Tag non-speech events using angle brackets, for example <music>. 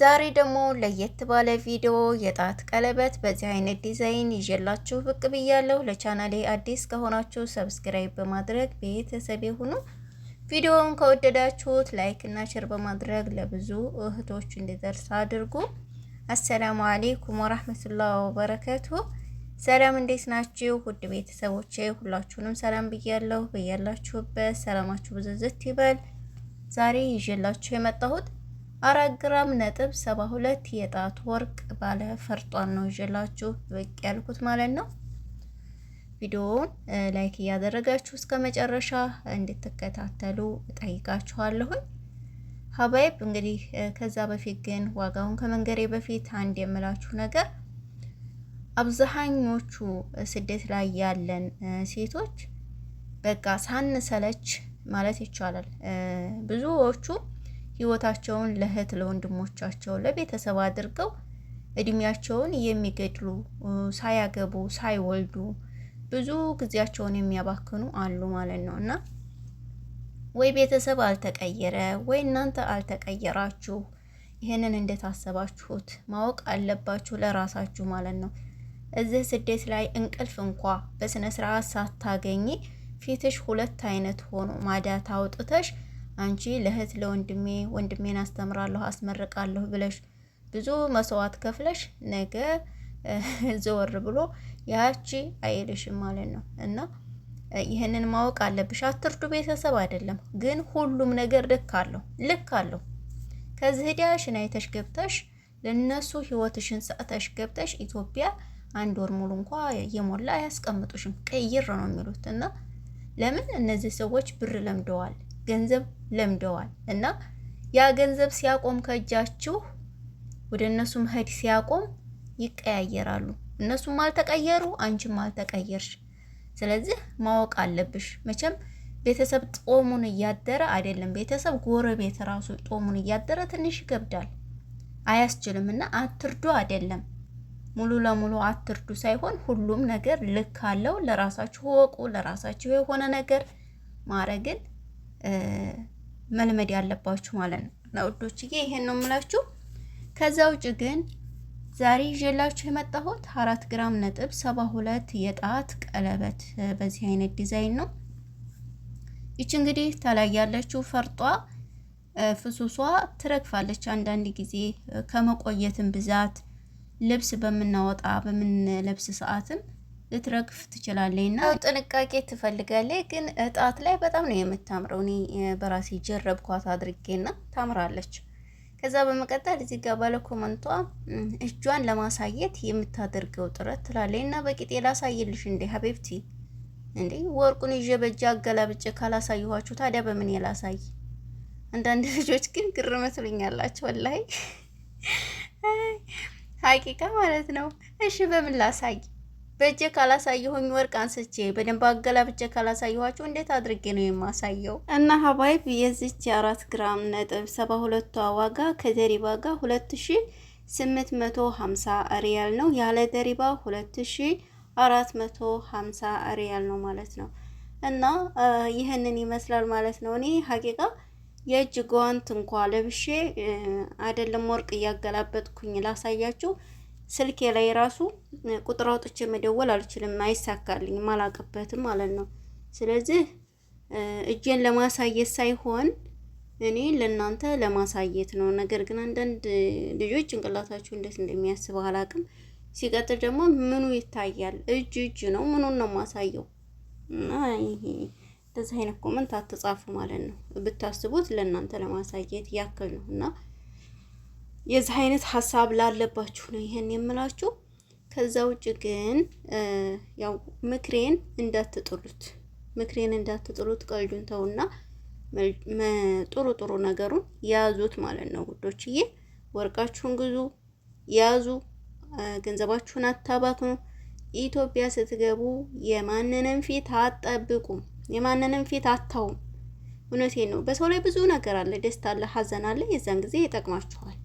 ዛሬ ደግሞ ለየት ባለ ቪዲዮ የጣት ቀለበት በዚህ አይነት ዲዛይን ይዤላችሁ ብቅ ብያለሁ። ለቻናሌ አዲስ ከሆናችሁ ሰብስክራይብ በማድረግ ቤተሰብ ሁኑ። ቪዲዮውን ከወደዳችሁት ላይክ እና ሼር በማድረግ ለብዙ እህቶች እንዲደርስ አድርጉ። አሰላሙ አሌይኩም ወራህመቱላህ ወበረከቱ። ሰላም እንዴት ናችሁ? ውድ ቤተሰቦቼ ሁላችሁንም ሰላም ብያለሁ። በያላችሁበት ሰላማችሁ ብዝዝት ይበል። ዛሬ ይዤላችሁ የመጣሁት አራት ግራም ነጥብ ሰባ ሁለት የጣት ወርቅ ባለ ፈርጧን ነው ይዤላችሁ ብቅ ያልኩት ማለት ነው። ቪዲዮውን ላይክ እያደረጋችሁ እስከ መጨረሻ እንድትከታተሉ እጠይቃችኋለሁኝ። ሀባይብ እንግዲህ ከዛ በፊት ግን ዋጋውን ከመንገሬ በፊት አንድ የምላችሁ ነገር አብዛኞቹ ስደት ላይ ያለን ሴቶች በቃ ሳንሰለች ማለት ይቻላል ብዙዎቹ ህይወታቸውን ለእህት ለወንድሞቻቸው፣ ለቤተሰብ አድርገው እድሜያቸውን የሚገድሉ ሳያገቡ ሳይወልዱ ብዙ ጊዜያቸውን የሚያባክኑ አሉ ማለት ነው እና ወይ ቤተሰብ አልተቀየረ ወይ እናንተ አልተቀየራችሁ። ይህንን እንደታሰባችሁት ማወቅ አለባችሁ ለራሳችሁ ማለት ነው። እዚህ ስደት ላይ እንቅልፍ እንኳ በስነ ስርዓት ሳታገኝ ፊትሽ ሁለት አይነት ሆኖ ማዳት አውጥተሽ አንቺ ለእህት ለወንድሜ ወንድሜን አስተምራለሁ አስመርቃለሁ ብለሽ ብዙ መስዋዕት ከፍለሽ ነገ <laughs> ዘወር ብሎ ያቺ አይልሽም ማለት ነው። እና ይህንን ማወቅ አለብሽ። አትርዱ ቤተሰብ አይደለም ግን ሁሉም ነገር ልክ አለው ልክ አለው። ከዚህ ሂዳሽን አይተሽ ገብተሽ ለነሱ ህይወትሽን ሰጥተሽ ገብተሽ ኢትዮጵያ አንድ ወር ሙሉ እንኳ እየሞላ አያስቀምጡሽም። ቀይር ነው የሚሉት እና ለምን እነዚህ ሰዎች ብር ለምደዋል። ገንዘብ ለምደዋል እና ያ ገንዘብ ሲያቆም ከእጃችሁ ወደ እነሱ መሄድ ሲያቆም ይቀያየራሉ። እነሱም አልተቀየሩ፣ አንቺም አልተቀየርሽ። ስለዚህ ማወቅ አለብሽ። መቼም ቤተሰብ ጦሙን እያደረ አይደለም፣ ቤተሰብ ጎረቤት ራሱ ጦሙን እያደረ ትንሽ ይገብዳል፣ አያስችልም። እና አትርዱ አይደለም ሙሉ ለሙሉ አትርዱ ሳይሆን ሁሉም ነገር ልክ አለው። ለራሳችሁ ወቁ። ለራሳችሁ የሆነ ነገር ማረግን መልመድ ያለባችሁ ማለት ነው ውዶችዬ፣ ይሄን ነው የምላችሁ። ከዛ ውጭ ግን ዛሬ ይዤላችሁ የመጣሁት አራት ግራም ነጥብ ሰባ ሁለት የጣት ቀለበት በዚህ አይነት ዲዛይን ነው። ይች እንግዲህ ተላይ ያለችው ፈርጧ ፍሱሷ ትረግፋለች። አንዳንድ ጊዜ ከመቆየትም ብዛት ልብስ በምናወጣ በምንለብስ ሰዓትም ልትረግፍ ትችላለች እና ጥንቃቄ ትፈልጋለች። ግን እጣት ላይ በጣም ነው የምታምረው። እኔ በራሴ ጀረብኳት አድርጌና ታምራለች። ከዛ በመቀጠል እዚህ ጋር ባለ ኮመንቷ እጇን ለማሳየት የምታደርገው ጥረት ትላለች እና በቂጤ ላሳየልሽ እንዴ ሀቢብቲ እንዴ ወርቁን ይዤ በእጅ አገላብጬ ካላሳየኋችሁ ታዲያ በምን የላሳይ? አንዳንድ <laughs> ልጆች ግን ግር መስሉኛላችሁ ወላሂ ሀቂቃ ማለት ነው። እሺ በምን ላሳይ? በእጄ ካላሳየሁኝ ወርቅ አንስቼ በደንብ አገላብጬ ካላሳየኋችሁ እንዴት አድርጌ ነው የማሳየው? እና ሀባይብ የዚች የአራት ግራም ነጥብ ሰባ ሁለቷ ዋጋ ከደሪባ ጋር ሁለት ሺ ስምንት መቶ ሀምሳ ሪያል ነው። ያለ ደሪባ ሁለት ሺ አራት መቶ ሀምሳ ሪያል ነው ማለት ነው። እና ይህንን ይመስላል ማለት ነው። እኔ ሀቂቃ የእጅ ጓንት እንኳ ለብሼ አይደለም ወርቅ እያገላበጥኩኝ ላሳያችሁ ስልኬ ላይ ራሱ ቁጥር አውጥቼ መደወል አልችልም፣ አይሳካልኝም፣ አላውቅበትም ማለት ነው። ስለዚህ እጄን ለማሳየት ሳይሆን እኔ ለእናንተ ለማሳየት ነው። ነገር ግን አንዳንድ ልጆች ጭንቅላታችሁ እንዴት እንደሚያስብ አላቅም። ሲቀጥል ደግሞ ምኑ ይታያል? እጅ እጅ ነው፣ ምኑን ነው ማሳየው? እና ይሄ እንደዚህ አይነት ኮመንት አትጻፉ ማለት ነው። ብታስቡት ለእናንተ ለማሳየት ያክል ነው እና የዚህ አይነት ሀሳብ ላለባችሁ ነው ይሄን የምላችሁ። ከዛ ውጭ ግን ያው ምክሬን እንዳትጥሉት ምክሬን እንዳትጥሉት ቀልዱን ተውና ጥሩ ጥሩ ነገሩን ያዙት ማለት ነው ውዶችዬ። ወርቃችሁን ግዙ፣ ያዙ፣ ገንዘባችሁን አታባክኑ። ኢትዮጵያ ስትገቡ የማንንም ፊት አትጠብቁም፣ የማንንም ፊት አታውም። እውነቴን ነው። በሰው ላይ ብዙ ነገር አለ፣ ደስታ አለ፣ ሀዘን አለ። የዛን ጊዜ ይጠቅማችኋል።